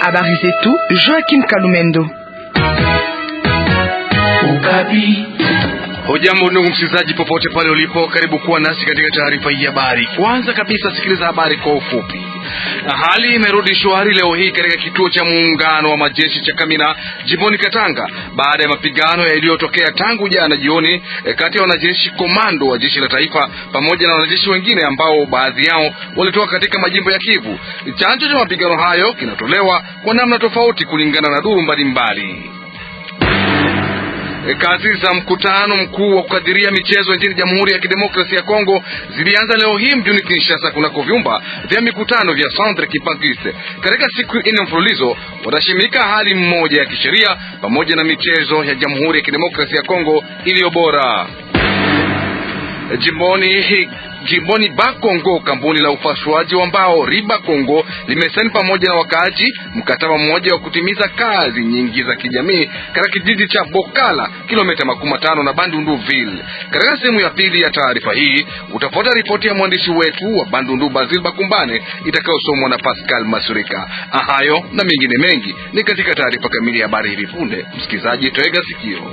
Habari zetu Joachim Kalumendo Okapi. Hujambo ndugu msikilizaji, popote pale ulipo, karibu kuwa nasi katika taarifa hii habari. Kwanza kabisa, sikiliza habari kwa ufupi. Na hali imerudi shwari leo hii katika kituo cha muungano wa majeshi cha Kamina jimboni Katanga baada ya mapigano yaliyotokea tangu jana jioni eh, kati ya wanajeshi komando wa jeshi la taifa pamoja na wanajeshi wengine ambao baadhi yao walitoka katika majimbo ya Kivu. Chanzo cha mapigano hayo kinatolewa kwa namna tofauti kulingana na duru mbalimbali. E, kazi za mkutano mkuu wa kukadiria michezo nchini Jamhuri ya Kidemokrasia ya Kongo zilianza leo hii mjini Kinshasa, kunako vyumba vya mikutano vya Centre Kipagis. Katika siku nne mfululizo watashimika hali mmoja ya kisheria pamoja na michezo ya Jamhuri ya Kidemokrasia ya Kongo iliyo bora e, jimboni jimboni Bakongo, kampuni la ufashuaji wa mbao Riba Kongo limesaini pamoja na wakaaji mkataba mmoja wa kutimiza kazi nyingi za kijamii katika kijiji cha Bokala, kilomita makumi matano na Bandundu Ville. Katika sehemu ya pili ya taarifa hii utafuata ripoti ya mwandishi wetu wa Bandundu Bazil Bakumbane itakayosomwa na Pascal Masurika. Ahayo na mengine mengi ni katika taarifa kamili ya habari hivi punde. Msikilizaji, tega sikio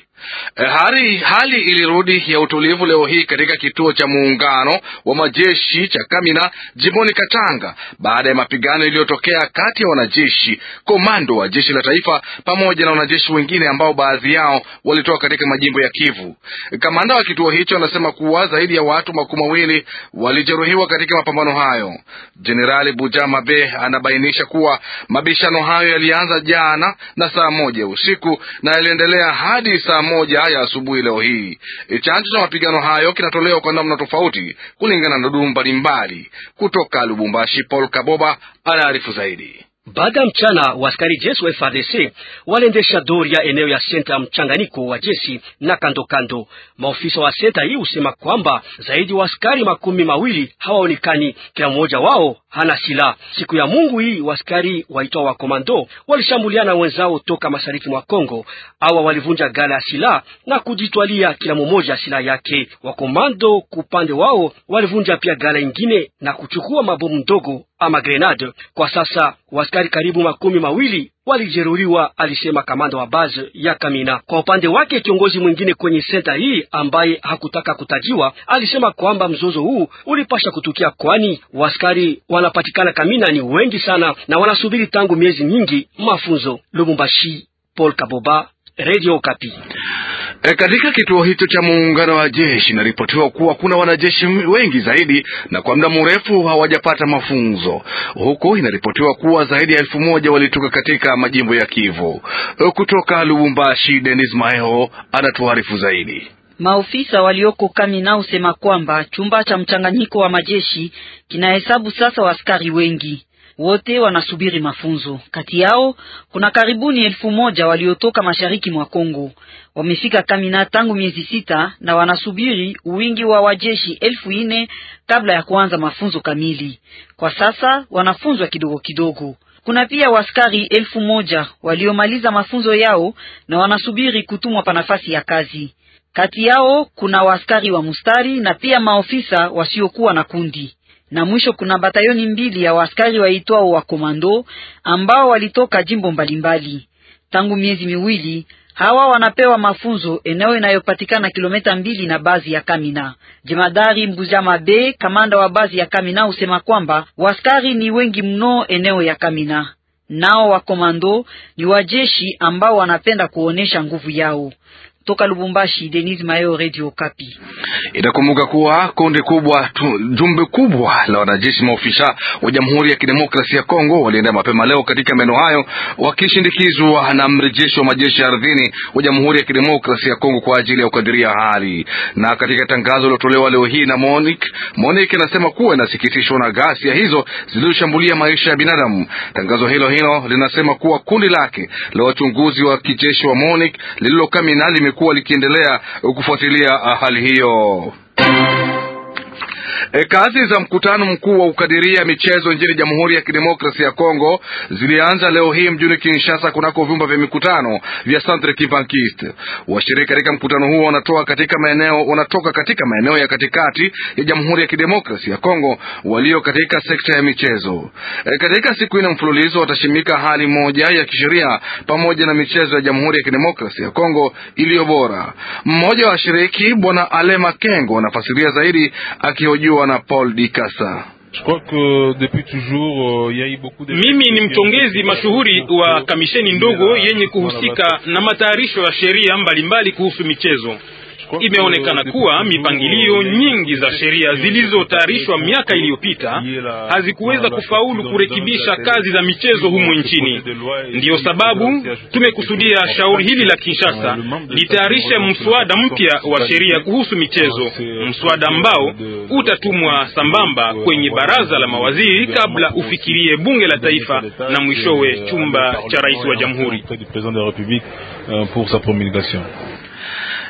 Eh, hali, hali ilirudi ya utulivu leo hii katika kituo cha muungano wa majeshi cha Kamina jimboni Katanga baada ya mapigano iliyotokea kati ya wanajeshi komando wa jeshi la taifa pamoja na wanajeshi wengine ambao baadhi yao walitoka katika majimbo ya Kivu. Eh, kamanda wa kituo hicho anasema kuwa zaidi ya watu makumi mawili walijeruhiwa katika mapambano hayo. Jenerali Buja Mabe anabainisha kuwa mabishano hayo yalianza jana na saa moja usiku na yaliendelea hadi saa moja ya asubuhi leo hii. E, chanzo cha mapigano hayo kinatolewa kwa namna tofauti kulingana na duru mbalimbali. Kutoka Lubumbashi, Paul Kaboba anaarifu zaidi. Baada ya mchana wa askari jeshi wa FARDC waliendesha doria eneo ya senta mchanganyiko wa jeshi na kandokando. Maofisa wa senta hii husema kwamba zaidi wa askari makumi mawili hawaonekani, kila mmoja wao hana silaha. Siku ya Mungu hii waskari waitwa wa komando walishambuliana wenzao toka mashariki mwa Kongo. awa walivunja gala ya silaha na kujitwalia kila mmoja silaha yake. Wakomando kupande wao walivunja pia gala ingine na kuchukua mabomu ndogo ama grenade. Kwa sasa waskari karibu makumi mawili walijeruhiwa, alisema kamanda wa base ya Kamina. Kwa upande wake, kiongozi mwingine kwenye senta hii ambaye hakutaka kutajiwa alisema kwamba mzozo huu ulipasha kutukia, kwani waskari wanapatikana Kamina ni wengi sana na wanasubiri tangu miezi nyingi mafunzo. Lubumbashi, Paul Kaboba, Radio Okapi. E, katika kituo hicho cha muungano wa jeshi inaripotiwa kuwa kuna wanajeshi wengi zaidi na kwa muda mrefu hawajapata mafunzo, huku inaripotiwa kuwa zaidi ya elfu moja walitoka katika majimbo ya Kivu. Eh, kutoka Lubumbashi, Denis Maeho anatuarifu zaidi. Maofisa walioko Kamina husema kwamba chumba cha mchanganyiko wa majeshi kinahesabu sasa waskari wengi wote wanasubiri mafunzo. Kati yao kuna karibuni elfu moja waliotoka mashariki mwa Kongo, wamefika Kamina tangu miezi sita na wanasubiri wingi wa wajeshi elfu ine kabla ya kuanza mafunzo kamili. Kwa sasa wanafunzwa kidogo kidogo. Kuna pia waskari elfu moja waliomaliza mafunzo yao na wanasubiri kutumwa pa nafasi ya kazi. Kati yao kuna waskari wa mustari na pia maofisa wasiokuwa na kundi na mwisho kuna batayoni mbili ya waaskari waitwao wa komando ambao walitoka jimbo mbalimbali. Tangu miezi miwili hawa wanapewa mafunzo eneo inayopatikana kilomita mbili na bazi ya Kamina. Jemadari Mbuzama B, kamanda wa bazi ya Kamina, husema kwamba waskari ni wengi mno eneo ya Kamina, nao wakomando ni wajeshi ambao wanapenda kuonesha nguvu yao. Toka Lubumbashi, Denise Mayo, Radio Kapi. Itakumbuka kuwa kundi kubwa tu, jumbe kubwa la wanajeshi maofisa wa Jamhuri ya Kidemokrasia ya Kongo walienda mapema leo katika maeneo hayo wakishindikizwa na mrejeshi wa majeshi ya ardhini wa Jamhuri ya Kidemokrasia ya Kongo kwa ajili ya kukadiria hali. Na katika tangazo lililotolewa leo hii na Monique, Monique anasema kuwa inasikitishwa na ghasia hizo zilizoshambulia maisha ya binadamu. Tangazo hilo hilo linasema kuwa kundi lake la wachunguzi wa kijeshi wa Monique lililokamina lime limekuwa likiendelea kufuatilia ah, hali hiyo. E, kazi za mkutano mkuu wa ukadiria michezo nchini Jamhuri ya Kidemokrasia ya Kongo zilianza leo hii mjini Kinshasa kunako vyumba vya mikutano vya Centre Kivankiste. Washiriki katika mkutano huo wanatoka katika maeneo wanatoka katika maeneo ya katikati ya Jamhuri ya Kidemokrasia ya Kongo walio katika sekta ya michezo. E, katika siku ine mfululizo watashimika hali moja ya kisheria pamoja na michezo ya Jamhuri ya Kidemokrasia ya Kongo iliyo bora. Mmoja wa washiriki Bwana Alema Kengo anafasiria zaidi akihojiwa aliyechaguliwa na Paul Dikasa. Euh, Mimi ni mchongezi mashuhuri wa kamisheni ndogo yenye kuhusika na matayarisho ya sheria mbalimbali kuhusu michezo. Imeonekana kuwa mipangilio nyingi za sheria zilizotayarishwa miaka iliyopita hazikuweza kufaulu kurekebisha kazi za michezo humu nchini. Ndiyo sababu tumekusudia shauri hili la Kinshasa litayarishe mswada mpya wa sheria kuhusu michezo, mswada ambao utatumwa sambamba kwenye baraza la mawaziri kabla ufikirie bunge la taifa na mwishowe chumba cha rais wa jamhuri.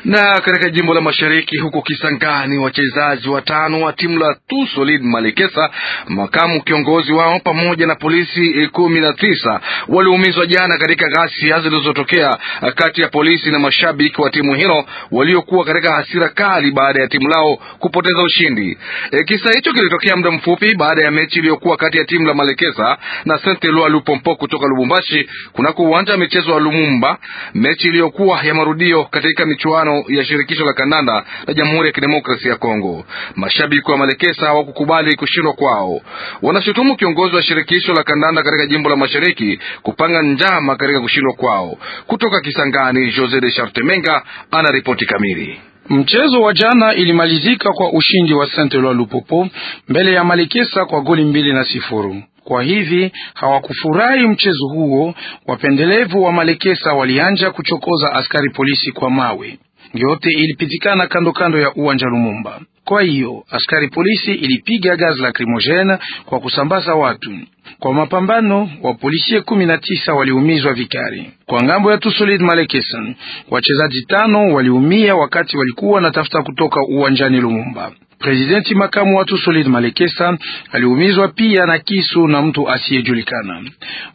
Na katika jimbo la mashariki huko Kisangani, wachezaji watano wa timu la Tu Solid Malekesa, makamu kiongozi wao pamoja na polisi eh, kumi na tisa waliumizwa jana katika ghasia zilizotokea kati ya polisi na mashabiki wa timu hilo waliokuwa katika hasira kali baada ya timu lao kupoteza ushindi. E, kisa hicho kilitokea muda mfupi baada ya mechi iliyokuwa kati ya timu la Malekesa na Saint Eloi Lupompo kutoka Lubumbashi kunako uwanja wa michezo wa Lumumba, mechi iliyokuwa ya marudio katika michuano michuano ya shirikisho la kandanda la Jamhuri ya Kidemokrasia ya Kongo. Mashabiki wa Malekesa hawakukubali kushindwa kwao, wanashutumu kiongozi wa shirikisho la kandanda katika jimbo la mashariki kupanga njama katika kushindwa kwao. Kutoka Kisangani, Jose de Chartemenga ana ripoti kamili. Mchezo wa jana ilimalizika kwa ushindi wa Saint Eloi Lupopo mbele ya Malekesa kwa goli mbili na sifuru. Kwa hivi hawakufurahi mchezo huo, wapendelevu wa Malekesa walianja kuchokoza askari polisi kwa mawe yote ilipitikana kando kando ya uwanja Lumumba. Kwa hiyo askari polisi ilipiga gazi lacrimogene kwa kusambaza watu. Kwa mapambano wa polisi kumi na tisa waliumizwa vikari Kwa ngambo ya Tusolid Malekesan, wachezaji tano waliumia wakati walikuwa tafuta kutoka uwanjani Lumumba presidenti makamu watu Solid Malekesa aliumizwa pia na kisu na mtu asiyejulikana.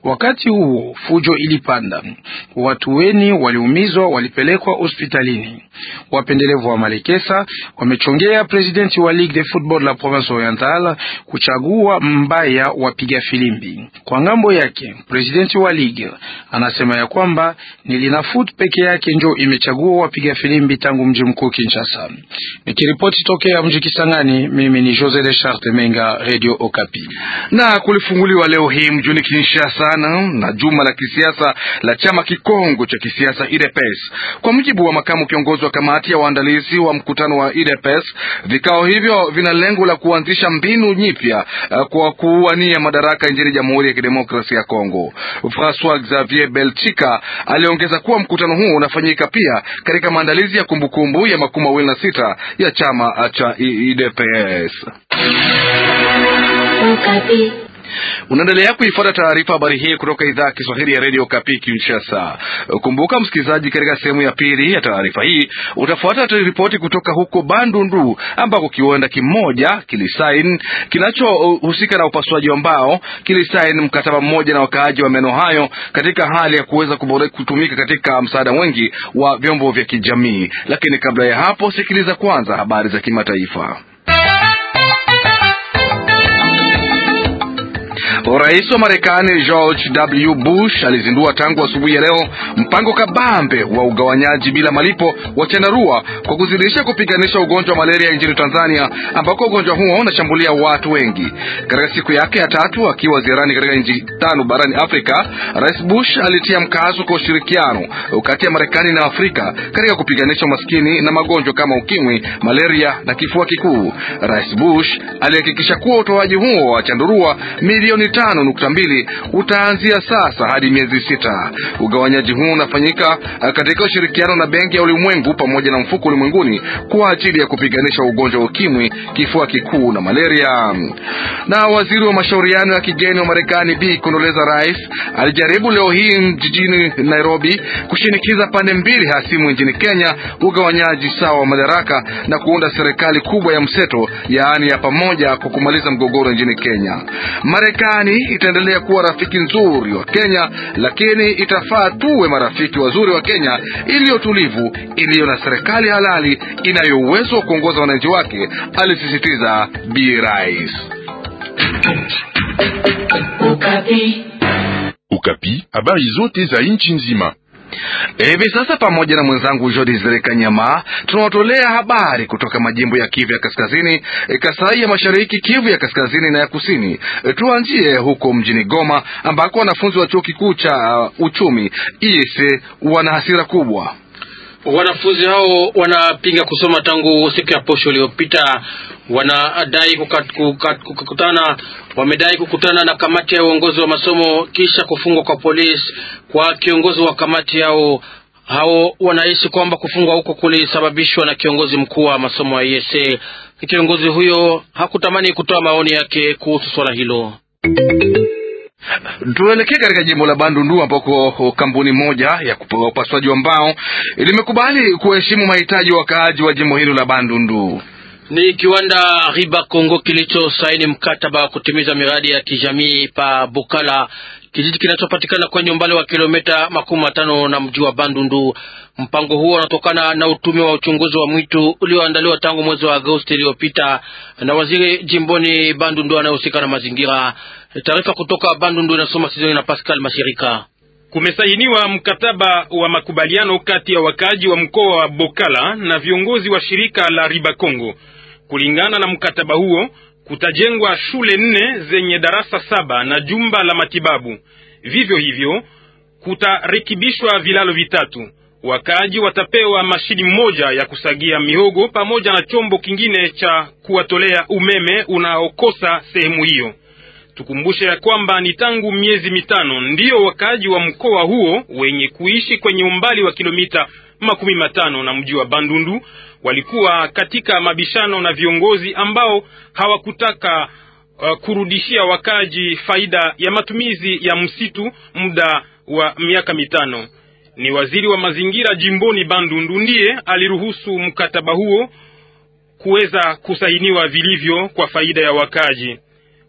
Wakati huo fujo ilipanda, watu weni waliumizwa walipelekwa hospitalini. Wapendelevu wa Malekesa wamechongea presidenti wa Ligue de Football la Province Orientale kuchagua mbaya wapiga filimbi. Kwa ngambo yake, presidenti wa Ligue anasema ya kwamba ni Linafoot peke yake njo imechagua wapiga filimbi tangu mji mkuu Kinshasa. Nikiripoti tokea mji Kisangani. Mimi ni Jose de Charte Menga, Radio Okapi. Na kulifunguliwa leo hii mjini Kinshasa na juma la kisiasa la chama kikongo cha kisiasa IDPS. Kwa mujibu wa makamu kiongozi wa kamati ya waandalizi wa mkutano wa IDPS, vikao hivyo vina lengo la kuanzisha mbinu nyipya eh, kwa kuwania madaraka nchini Jamhuri ya Kidemokrasia ya Kongo. Francois Xavier Belchika aliongeza kuwa mkutano huo unafanyika pia katika maandalizi ya kumbukumbu ya makumi mawili na sita ya chama cha ilha tem é essa? Um Unaendelea kuifuata taarifa habari hii kutoka idhaa ya Kiswahili ya redio Kapi Kinshasa. Kumbuka msikilizaji, katika sehemu ya pili ya taarifa hii utafuata ripoti kutoka huko Bandundu ambako kiwanda kimoja kilisain kinachohusika na upasuaji wa mbao kilisain mkataba mmoja na wakaaji wa maeneo hayo katika hali ya kuweza kutumika katika msaada mwingi wa vyombo vya kijamii. Lakini kabla ya hapo, sikiliza kwanza habari za kimataifa. Rais wa Marekani George W. Bush alizindua tangu asubuhi ya leo mpango kabambe wa ugawanyaji bila malipo wa chandarua kwa kuzidisha kupiganisha ugonjwa wa malaria nchini Tanzania, ambako ugonjwa huo unashambulia watu wengi. Katika siku yake ya tatu akiwa ziarani katika nchi tano barani Afrika, Rais Bush alitia mkazo kwa ushirikiano kati ya Marekani na Afrika katika kupiganisha umaskini na magonjwa kama ukimwi, malaria na kifua kikuu. Rais Bush alihakikisha kuwa utoaji huo wa chandarua milioni tano nukta mbili utaanzia sasa hadi miezi sita. Ugawanyaji huu unafanyika eh, katika ushirikiano na Benki ya Ulimwengu pamoja na Mfuko Ulimwenguni kwa ajili ya kupiganisha ugonjwa wa ukimwi, kifua kikuu na malaria. Na waziri wa mashauriano ya kigeni wa Marekani Bi Condoleezza Rice alijaribu leo hii jijini Nairobi kushinikiza pande mbili hasimu nchini Kenya ugawanyaji sawa wa madaraka na kuunda serikali kubwa ya mseto, yaani ya pamoja, kwa kumaliza mgogoro nchini Kenya. Marekani Marekani itaendelea kuwa rafiki nzuri wa Kenya, lakini itafaa tuwe marafiki wazuri wa Kenya iliyo tulivu, iliyo na serikali halali inayo uwezo wa kuongoza wananchi wake, alisisitiza Bi Rais. Ukapi, habari zote za nchi nzima Hivi sasa pamoja na mwenzangu Jodi nyama tunawatolea habari kutoka majimbo ya Kivu ya Kaskazini, e, Kasai ya Mashariki, Kivu ya Kaskazini na ya Kusini. E, Tuanjie huko mjini Goma ambako wanafunzi wa chuo kikuu cha uh, uchumi ISE wana hasira kubwa. Wanafunzi hao wanapinga kusoma tangu siku ya posho iliyopita. Wanadai kukutana, wamedai kukutana na kamati ya uongozi wa masomo kisha kufungwa kwa polisi kwa kiongozi wa kamati yao. Hao wanahisi kwamba kufungwa huko kulisababishwa na kiongozi mkuu wa masomo wa ESA. Kiongozi huyo hakutamani kutoa maoni yake kuhusu swala hilo. Tuelekee katika jimbo la Bandundu ambako kampuni moja ya upasuaji wa mbao limekubali kuheshimu mahitaji wakaaji wa jimbo hilo la Bandundu. Ni kiwanda Riba Kongo saini mkataba wa kutimiza miradi ya kijamii pa Bukala kijiji kinachopatikana kwenye umbali wa kilomita makumi matano na mji wa Bandundu. Mpango huo unatokana na utume wa uchunguzi wa mwitu ulioandaliwa tangu mwezi wa Agosti iliyopita na waziri jimboni Bandundu anayehusika na mazingira. Taarifa kutoka Bandundu inasoma Sizoni na Pascal Mashirika. Kumesainiwa mkataba wa makubaliano kati ya wakaaji wa mkoa wa Bokala na viongozi wa shirika la Riba Kongo. Kulingana na mkataba huo kutajengwa shule nne zenye darasa saba na jumba la matibabu. Vivyo hivyo kutarekebishwa vilalo vitatu. Wakaaji watapewa mashini moja ya kusagia mihogo pamoja na chombo kingine cha kuwatolea umeme unaokosa sehemu hiyo. Tukumbushe ya kwamba ni tangu miezi mitano ndiyo wakaaji wa mkoa huo wenye kuishi kwenye umbali wa kilomita makumi matano na mji wa Bandundu walikuwa katika mabishano na viongozi ambao hawakutaka uh, kurudishia wakaji faida ya matumizi ya msitu muda wa miaka mitano. Ni waziri wa mazingira jimboni Bandundu ndiye aliruhusu mkataba huo kuweza kusainiwa vilivyo kwa faida ya wakaji.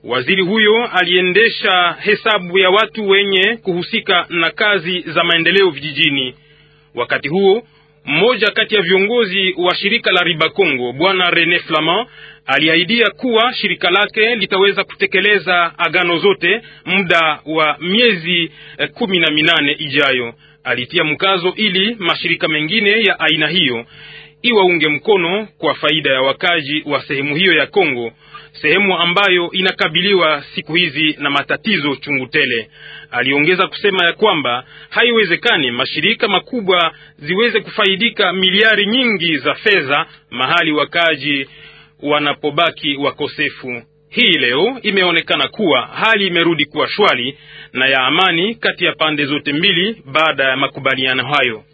Waziri huyo aliendesha hesabu ya watu wenye kuhusika na kazi za maendeleo vijijini. Wakati huo mmoja kati ya viongozi wa shirika la Riba Congo, bwana Rene Flamand aliahidia kuwa shirika lake litaweza kutekeleza agano zote muda wa miezi eh, kumi na minane ijayo. Alitia mkazo ili mashirika mengine ya aina hiyo iwaunge mkono kwa faida ya wakazi wa sehemu hiyo ya congo sehemu ambayo inakabiliwa siku hizi na matatizo chungu tele. Aliongeza kusema ya kwamba haiwezekani mashirika makubwa ziweze kufaidika miliari nyingi za fedha mahali wakaaji wanapobaki wakosefu. Hii leo imeonekana kuwa hali imerudi kuwa shwari na ya amani kati ya pande zote mbili baada ya makubaliano hayo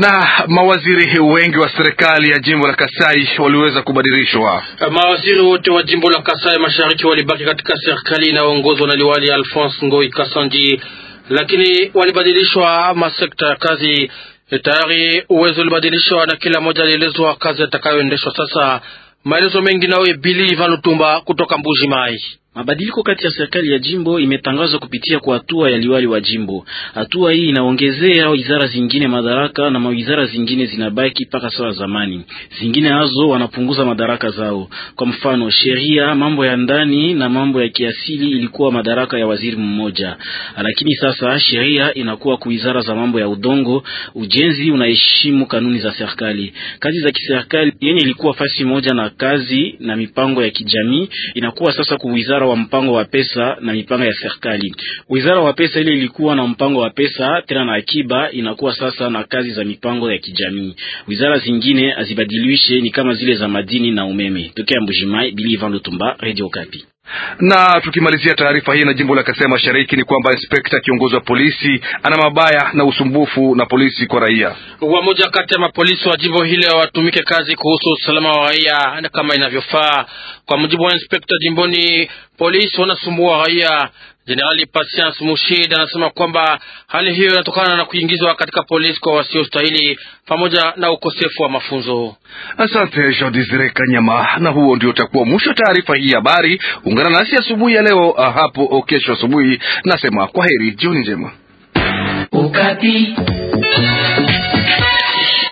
na mawaziri wengi wa serikali ya jimbo la Kasai waliweza kubadilishwa. Eh, mawaziri wote wa jimbo la Kasai Mashariki walibaki katika serikali inayoongozwa na liwali Alphonse Ngoi Kasandi, lakini walibadilishwa masekta ya kazi. Eh, tayari uwezo ulibadilishwa na kila mmoja alielezwa kazi atakayoendeshwa sasa. Maelezo mengi nawe Bili Ivan Lutumba kutoka Mbuji Mai. Mabadiliko kati ya serikali ya jimbo imetangazwa kupitia kwa hatua ya liwali wa jimbo. Hatua hii inaongezea wizara zingine madaraka na mawizara zingine zinabaki paka sawa zamani, zingine nazo wanapunguza madaraka zao. Kwa mfano, sheria, mambo ya ndani na mambo ya kiasili ilikuwa madaraka ya waziri mmoja, lakini sasa sheria inakuwa kwa za mambo ya udongo. Ujenzi unaheshimu kanuni za serikali. Kazi za kiserikali yenye ilikuwa fasi moja na kazi na mipango ya kijamii inakuwa sasa kuwizara wizara wa mpango wa pesa na mipango ya serikali. Wizara wa pesa ile ilikuwa na mpango wa pesa tena na akiba, inakuwa sasa na kazi za mipango ya kijamii. Wizara zingine azibadilishe ni kama zile za madini na umeme. Tokea Mbujimai, Bili Ivan Lutumba, Radio Kapi. Na tukimalizia taarifa hii na jimbo la Kasai Mashariki ni kwamba inspekta kiongozi wa polisi ana mabaya na usumbufu na polisi kwa raia. Wamoja kati ya mapolisi wa jimbo hili watumike kazi kuhusu usalama wa raia kama inavyofaa. Kwa mujibu wa inspekta jimboni, polisi wanasumbua raia Jenerali Patience Mushid anasema kwamba hali hiyo inatokana na kuingizwa katika polisi kwa wasiostahili pamoja na ukosefu wa mafunzo. Asante Jean Desire Kanyama, na huo ndio utakuwa mwisho taarifa hii habari. Ungana nasi asubuhi ya leo ah, hapo oh, kesho asubuhi. Nasema kwa heri, jioni njema ukati